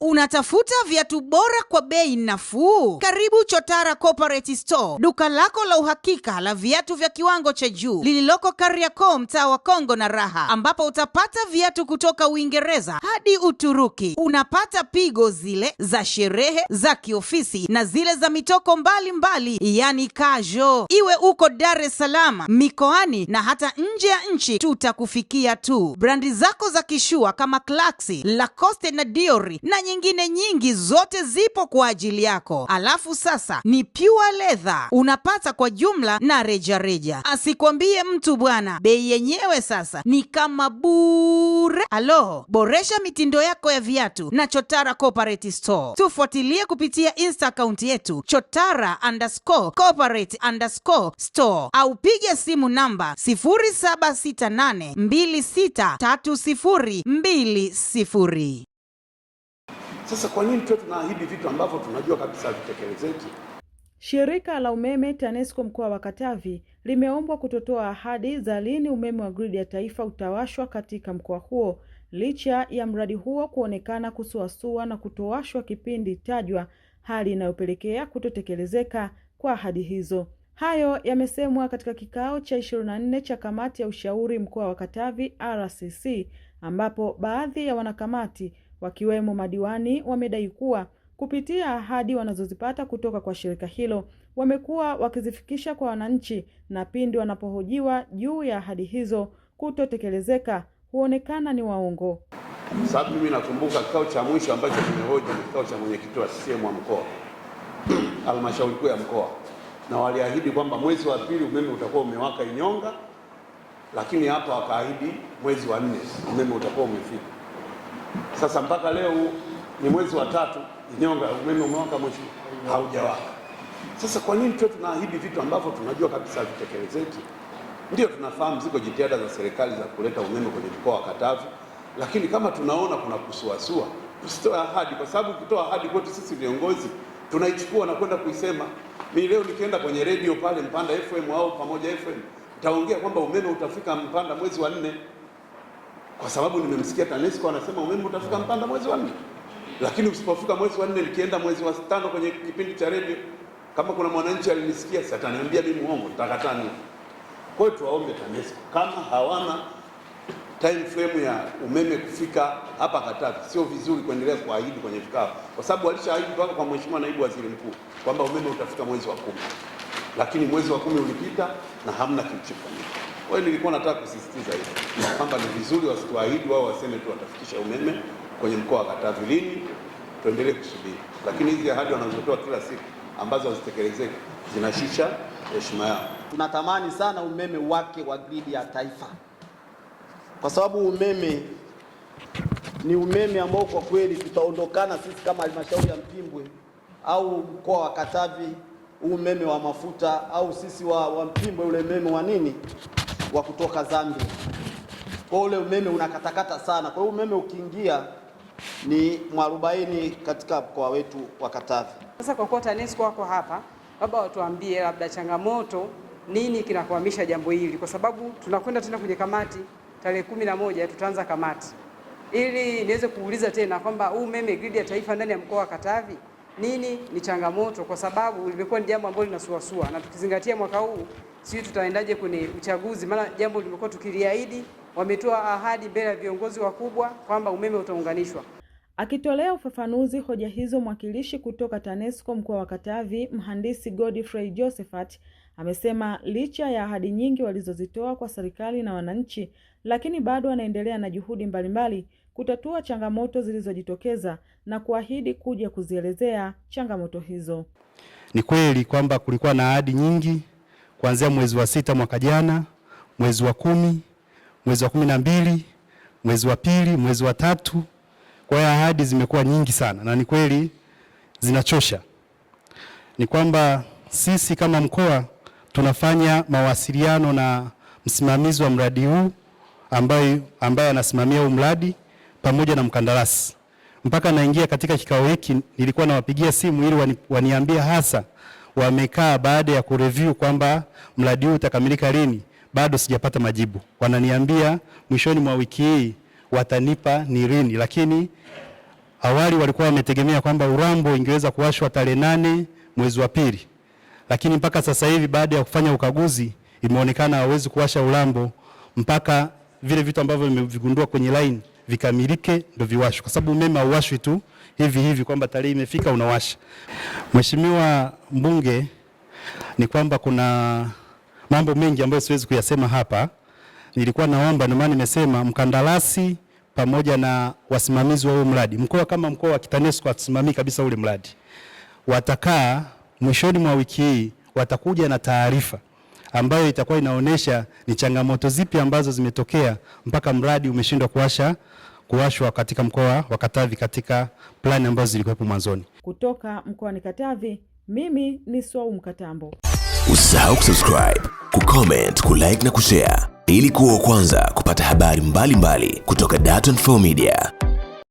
Unatafuta viatu bora kwa bei nafuu? Karibu Chotara Corporate Store, duka lako la uhakika la viatu vya kiwango cha juu lililoko Kariakoo, mtaa wa Kongo na Raha, ambapo utapata viatu kutoka Uingereza hadi Uturuki. Unapata pigo zile za sherehe, za kiofisi na zile za mitoko mbalimbali mbali, yani kajo. Iwe uko Dar es Salaam, mikoani na hata nje ya nchi, tutakufikia tu. Brandi zako za kishua kama Clarks, Lacoste na Diori na nyingine nyingi zote zipo kwa ajili yako. Alafu sasa ni pure leather unapata kwa jumla na rejareja, asikwambie mtu bwana. Bei yenyewe sasa ni kama bure. Alo, boresha mitindo yako ya viatu na Chotara Corporate Store. Tufuatilie kupitia insta akaunti yetu Chotara underscore corporate underscore store au piga simu namba 0768263020. Sasa kwa nini tuwe tunaahidi vitu ambavyo tunajua kabisa havitekelezeki? Shirika la umeme TANESCO mkoa wa Katavi limeombwa kutotoa ahadi za lini umeme wa gridi ya taifa utawashwa katika mkoa huo licha ya mradi huo kuonekana kusuasua na kutowashwa kipindi tajwa, hali inayopelekea kutotekelezeka kwa ahadi hizo. Hayo yamesemwa katika kikao cha 24 cha kamati ya ushauri mkoa wa Katavi RCC ambapo baadhi ya wanakamati wakiwemo madiwani wamedai kuwa kupitia ahadi wanazozipata kutoka kwa shirika hilo wamekuwa wakizifikisha kwa wananchi, na pindi wanapohojiwa juu ya ahadi hizo kutotekelezeka huonekana ni waongo. Sababu mimi nakumbuka kikao cha mwisho ambacho kimehoji ni kikao cha mwenyekiti wa CCM wa mkoa, halmashauri kuu ya mkoa, na waliahidi kwamba mwezi wa pili umeme utakuwa umewaka Inyonga, lakini hapa wakaahidi mwezi wa nne umeme utakuwa umefika sasa mpaka leo ni mwezi wa tatu, nyonga umeme umewaka, moshi haujawaka. Sasa kwa nini tuwe tunaahidi vitu ambavyo tunajua kabisa vitekelezeki? Ndio tunafahamu ziko jitihada za serikali za kuleta umeme kwenye mkoa wa Katavi, lakini kama tunaona kuna kusuasua, tusitoe ahadi, kwa sababu kutoa ahadi kwetu sisi viongozi tunaichukua na kwenda kuisema. Mi leo nikienda kwenye redio pale Mpanda FM au Pamoja FM taongea kwamba umeme utafika Mpanda mwezi wa nne kwa sababu nimemsikia TANESCO anasema umeme utafika Mpanda mwezi wa nne, lakini usipofika mwezi wa nne, nikienda mwezi wa tano kwenye kipindi cha redio, kama kuna mwananchi alinisikia sasa, ataniambia mimi muongo, nitakataa Kwa hiyo tuwaombe TANESCO kama hawana time frame ya umeme kufika hapa Katavi, sio vizuri kuendelea kuahidi kwenye vikao, kwa sababu walishaahidi toka kwa Mheshimiwa Naibu Waziri Mkuu kwamba umeme utafika mwezi wa kumi, lakini mwezi wa kumi ulipita na hamna kilichofanyika. Kwa hiyo nilikuwa nataka kusisitiza hivi kwamba ni vizuri wasituahidi wao, waseme tu watafikisha umeme kwenye mkoa wa Katavi. Lini? Tuendelee kusubiri, lakini hizi ahadi wanazotoa kila siku ambazo hazitekelezeki zinashusha heshima yao. Tunatamani sana umeme wake wa gridi ya taifa, kwa sababu umeme ni umeme ambao kwa kweli tutaondokana sisi kama halmashauri ya Mpimbwe au mkoa wa Katavi, umeme wa mafuta au sisi wa, wa Mpimbwe ule umeme wa nini wa kutoka Zambia. Kwa ule umeme unakatakata sana, kwa hiyo umeme ukiingia ni mwarobaini katika mkoa wetu wa Katavi. Sasa kwa kuwa TANESCO wako hapa, baba, watuambie labda changamoto nini kinakwamisha jambo hili, kwa sababu tunakwenda tena kwenye kamati tarehe kumi na moja tutaanza kamati, ili niweze kuuliza tena kwamba huu umeme gridi ya taifa ndani ya mkoa wa Katavi nini ni changamoto, kwa sababu limekuwa ni jambo ambalo linasuasua na tukizingatia mwaka huu sijui tutaendaje kwenye uchaguzi, maana jambo limekuwa tukiliahidi. Wametoa ahadi mbele ya viongozi wakubwa kwamba umeme utaunganishwa. Akitolea ufafanuzi hoja hizo, mwakilishi kutoka TANESCO mkoa wa Katavi, mhandisi Godfrey Josephat amesema licha ya ahadi nyingi walizozitoa kwa serikali na wananchi, lakini bado wanaendelea na juhudi mbalimbali kutatua changamoto zilizojitokeza na kuahidi kuja kuzielezea changamoto hizo. Ni kweli kwamba kulikuwa na ahadi nyingi kuanzia mwezi wa sita mwaka jana, mwezi wa kumi, mwezi wa kumi na mbili, mwezi wa pili, mwezi wa tatu. Kwa hiyo ahadi zimekuwa nyingi sana na ni kweli zinachosha. Ni kwamba sisi kama mkoa tunafanya mawasiliano na msimamizi wa mradi huu ambaye ambaye anasimamia huu mradi pamoja na mkandarasi. Mpaka naingia katika kikao hiki nilikuwa nawapigia simu ili wani, waniambie hasa wamekaa baada ya kureview kwamba mradi huu utakamilika lini, bado sijapata majibu. Wananiambia mwishoni mwa wiki hii watanipa ni lini, lakini awali walikuwa wametegemea kwamba Urambo ingeweza kuwashwa tarehe nane mwezi wa pili, lakini mpaka sasa hivi baada ya kufanya ukaguzi imeonekana hawezi kuwasha Urambo mpaka vile vitu ambavyo nimevigundua kwenye line vikamilike, ndo viwashwe, kwa sababu umeme hauwashwi tu hivi hivi kwamba tarehe imefika unawasha. Mheshimiwa Mbunge, ni kwamba kuna mambo mengi ambayo siwezi kuyasema hapa. Nilikuwa naomba, ndio maana nimesema mkandarasi pamoja na wasimamizi wa huo mradi, mkoa kama mkoa wa Kitanesco atusimamii kabisa ule mradi, watakaa mwishoni mwa wiki hii, watakuja na taarifa ambayo itakuwa inaonyesha ni changamoto zipi ambazo zimetokea mpaka mradi umeshindwa kuwasha kuwashwa katika mkoa wa Katavi katika plani ambazo zilikuwepo mwanzoni. Kutoka mkoani Katavi, mimi ni Swau Mkatambo. Usisahau kusubscribe, kucomment, kulike na kushare ili kuwa wa kwanza kupata habari mbalimbali mbali kutoka Dar24 Media.